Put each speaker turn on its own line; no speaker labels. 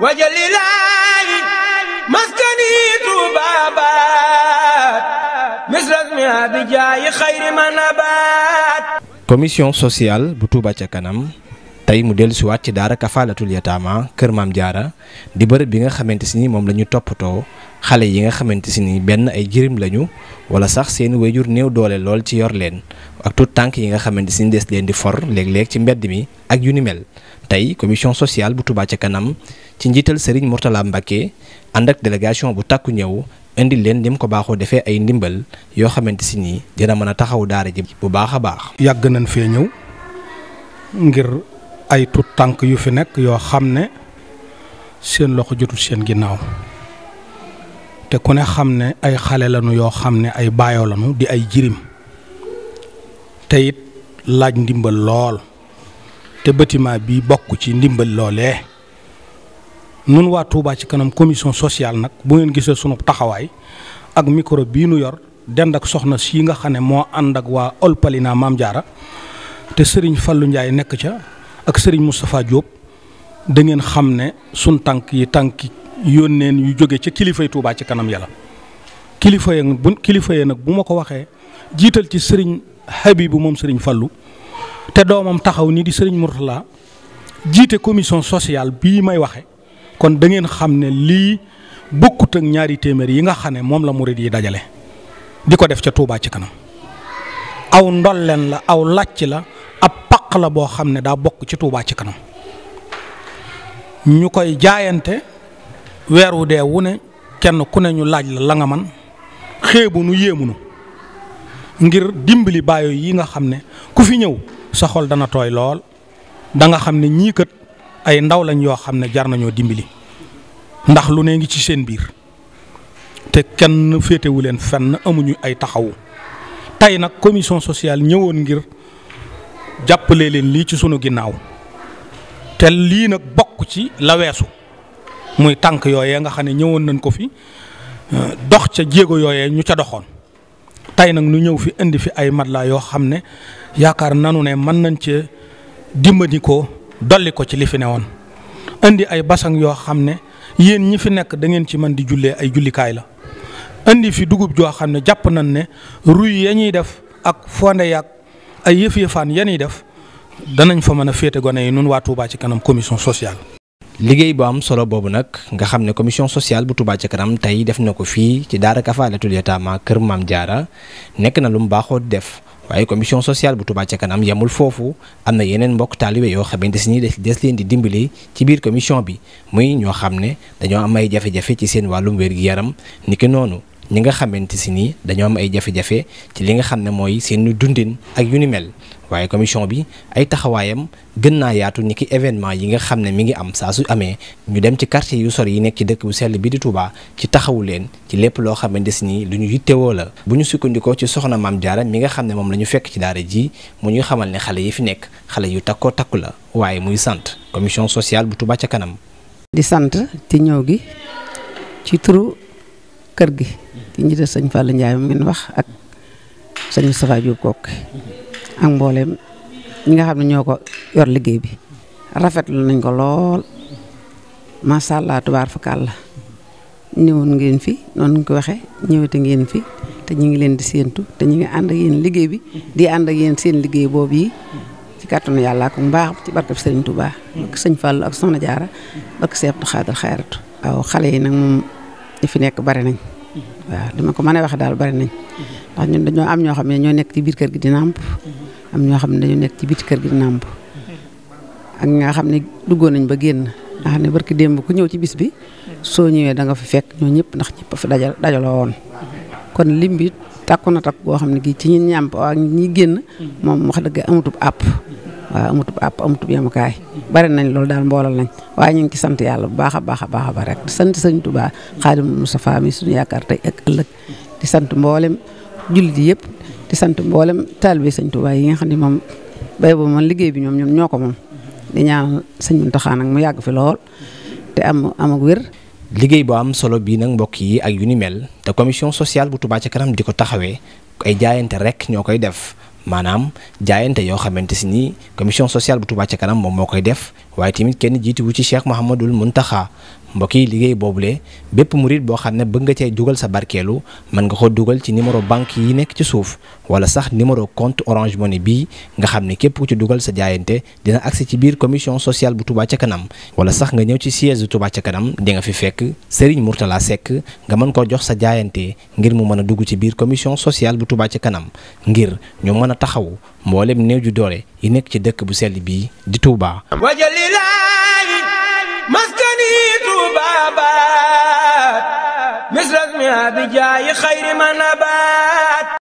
wajalilaayi maskani tuubaabaat misrasmi abijaayi
bu Touba ca kanam tey mu dellusiwaat ci daara kafaalatul yataama kër maam jaara di bërëb bi nga xamante si ni moom la ñu toppatoo xale yi nga xamante si ni benn ay jirim lañu wala sax seen wayjur néew doole lool ci yor leen ak tout tànk yi nga xamante si ni des leen di for léeg-léeg ci mbedd mi ak yu ni mel tey commission sociale bu Touba ca kanam ci njiital Serigne Mourtala Mbacke ànd ak délégation bu takku ñëw indi leen lim ko baaxoo defee ay ndimbal yoo xamante si nii dina mën a taxaw daara ji bu baax a baax.
yàgg nañ fee ñëw ngir ay tout tànk yu fi nekk yoo xam ne seen loxo jotul seen ginnaaw. te ku ne xam ne ay xale lañu yoo xam ne ay baayoo lañu di ay jirim te laaj ndimbal lool te bâtiment bi bokk ci ndimbal loolee nun waa Touba ci kanam commission sociale nag bu ngeen gisee sunu taxawaay ak micro bii nu yor dend ak soxna sii nga xam ne moo ànd ak waa Olpalina Maam Jaara te sëriñ Fallou Ndiaye nekk ca ak Serigne Moustapha Diop da xam ne sunu tànk yi tànki yónneen yu jóge ca kilifay Touba ci kanam yàlla kilifa ya bu kilifa ya nag bu ma ko waxee jiital ci sëriñ Habibu moom sëriñ Fallu te doomam taxaw ni di sëriñ Mourtala jiite commission sociale bii may waxe kon da ngeen xam ne lii bokkut ak ñaari téeméer yi nga xam ne moom la murid yi dajale di ko def ca Touba ci kanam aw ndolleen la aw làcc la ab paq la boo xam ne daa bokk ci Touba ci kanam ñu koy jaayante weer wu dee wu ne kenn ku ne ñu laaj la la nga man xeebu nu yéemu nu ngir dimbali baayo yi nga xam ne ku fi ñëw sa xol dana tooy lool da nga xam ne ñii kat ay ndaw lañ yoo xam ne jar nañoo dimbali ndax lu ne ngi ci seen biir te kenn féetewu leen fenn amuñu ay taxawu tey nag commission sociale ñëwoon ngir jàppale leen lii ci sunu ginnaaw te lii nag bokk ci la weesu. muy tànk yooyee nga xam ne ñëwoon nañ ko fi euh, dox ca jéego yooye ñu ca doxoon tey nag nu ñëw fi indi fi ay mat laa yoo xam ne yaakaar nanu ne mën nañ cee dimbali ko dolli ko ci li fi ne woon indi ay basang yoo xam ne yéen ñi fi nekk dangeen ci mën di jullee ay jullikaay la indi fi dugub joo xam ne jàpp nañ ne ruy ya ñuy def ak fonde yaag ay yëf-yëfaan ya def danañ fa mën a féete gone yi nun waa Touba ci kanam commission sociale liggéey bu am solo
boobu nag nga xam ne commission sociale bu Touba ca kanam tey def na ko fii ci daara Kafaalatul Yataama kër Maam Jaara nekk na lu mu baaxoo def waaye commission sociale bu tubaa ca kanam yemul foofu am na yeneen mbokk taalibe yoo xamante nii des leen di dimbali ci biir commission bi muy ñoo xam ne dañoo amay ay jafe-jafe ci seen wàllum wér-gi-yaram ki noonu. ñi nga xamante si nii dañoo am ay jafe-jafe ci li nga xam ne mooy seen dundin ak yu ni mel waaye commission bi ay taxawaayam gën naa yaatu ni ki événement yi nga xam ne mi ngi am saa su amee ñu dem ci quartier yu sore yi nekk ci dëkk bu sell bi di Touba ci taxawu leen ci lépp loo xamante si nii lu ñu yittewoo la bu ñu sukkandikoo ci soxna maam Diarra mi nga xam ne moom la ñu fekk ci daara ji mu ñuy xamal ne xale yi fi nekk xale yu takkoo takku la waaye muy sant commission sociale bu ca kanam
kër gi ki njiital sëñ Fallou Ndiaye mu ngeen wax ak sëñ Moustapha Diop Koki ak mbooleem ñi nga xam ne ñoo ko yor liggéey bi rafetlu nañ ko lool macha allah tubaar fakàl la ñëwoon ngeen fi noon nga ko waxee ñëwate ngeen fi te ñu ngi leen di séentu te ñu ngi ànd ak yéen liggéey bi di ànd ak yéen seen liggéey boobu yi ci kàttanu yàlla ak mbaax ci barkab Serigne Touba ak sëñ Fallou ak Soxna Jaara ak Seex Abdou Khadre Xayratu waaw xale yi nag ñi fi nekk bari nañ waaw li ma ko mën a waxee daal bari nañ ndax ñun dañoo am ñoo xam ne ñoo nekk ci biir kër gi di nàmp am ñoo xam ne dañoo nekk ci biti kër gi di nàmp ak nga xam ne duggoon nañ ba génn nga xam ne barki démb ku ñëw ci bis bi soo ñëwee da nga fi fekk ñoo ñëpp ndax ñëpp fa dajal dajaloo woon kon lim bi takku na takk boo xam ne gi ci ñi ñàmp ak ñi génn moom wax dëgg amatub àpp waaw amutub àpp amutub yemukaay bari nañ loolu daal mboolal nañ waaye ñu ngi ci sant yàlla bu baax a baax a baax a rek di sant sëñ Tuubaa Xaadimu Mustafaa mi suñu yaakaar tey ak ëllëg di sant mboolem jullit yi yëpp di sant mboolem taalibe sëñ Tuubaa yi nga xam ne moom bay boobu man liggéey bi ñoom ñoom ñoo ko moom di ñaanal sëñ Muntaxaa nag mu yàgg fi lool te am am ak liggéey bu am solo bii nag mbokk yi ak yu ni mel te commission sociale bu Touba ci
kanam di ko taxawee ay jaayante rek ñoo koy def. maanaam jaayante yoo xamante si ni commission sociale bu Touba ca kanam moom moo koy def waaye tamit kenn jiitiwu ci Cheikh Mouhamadul Muntaxa mbokk yi liggéey boobule bépp murit boo xam ne bëgg nga cee dugal sa barkeelu mën nga ko dugal ci numéro banque yi nekk ci suuf wala sax numéro compte orange ne bii nga xam ne képp ku ci dugal sa jaayante dina agsi ci biir commission sociale bu Touba ca kanam wala sax nga ñëw ci siège bu Touba ca kanam di nga fi fekk Serigne Mourtala sekk nga mën koo jox sa jaayante ngir mu mën a dugg ci biir commission sociale bu Touba ca kanam ngir ñu mën a taxaw mboolem néew ju doole yi nekk ci dëkk bu sell bii di Touba.
wajalilaayi
maskani Touba baat misras mi abijaayi xayri ma nabaat